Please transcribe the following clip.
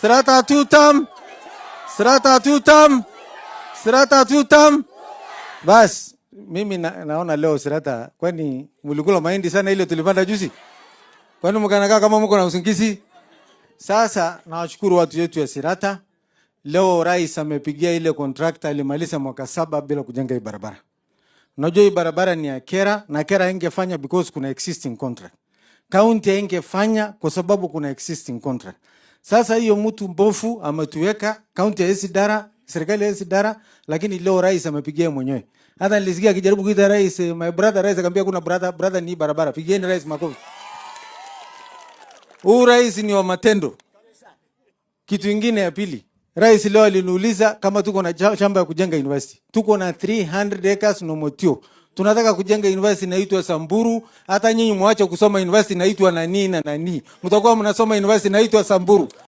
tam? tam? Sirataatutam, sirataatutam, tam? Bas, mimi na, naona leo sirata, kwani mlikula mahindi sana ile tulipanda juzi? Kwani mkanakaa kama mko na usingizi? Sasa nawashukuru watu wetu ya Sirata. Leo rais amepigia ile contractor alimaliza mwaka saba bila kujenga hii barabara. Unajua hii barabara ni ya Kera na Kera ingefanya because kuna existing contract. County ingefanya kwa sababu kuna existing contract. Sasa hiyo mtu mbofu ametuweka kaunti ya Isidara, serikali ya Isidara, lakini leo rais amepigia mwenyewe. Hata nilisikia akijaribu kuita rais, my brother rais akambia kuna brother brother ni barabara. Pigieni rais makofi. Huu rais ni wa matendo. Kitu kingine ya pili, rais leo aliniuliza kama tuko na shamba ya kujenga university. Tuko na 300 acres nomotio tunataka kujenga university inaitwa Samburu. Hata nyinyi mwache kusoma university inaitwa nani na nani, mtakuwa mnasoma university inaitwa Samburu.